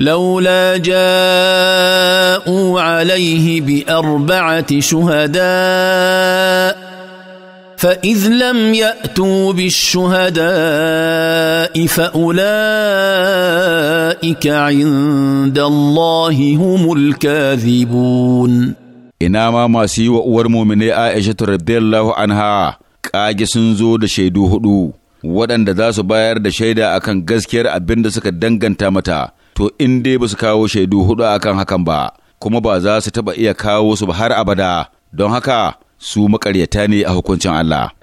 لولا جاءوا عليه بأربعة شهداء فإذ لم يأتوا بالشهداء فأولئك عند الله هم الكاذبون إنما ما سيوا ورمو من عائشة رضي الله عنها كاجي سنزو دشيدو هدو ودن دداسو باير دشيدا أكن غزكير أبند دنگن تامتا to in dai ba su kawo shaidu hudu akan hakan ba kuma ba za su taba iya kawo su ba har abada don haka su makaryata ne a hukuncin Allah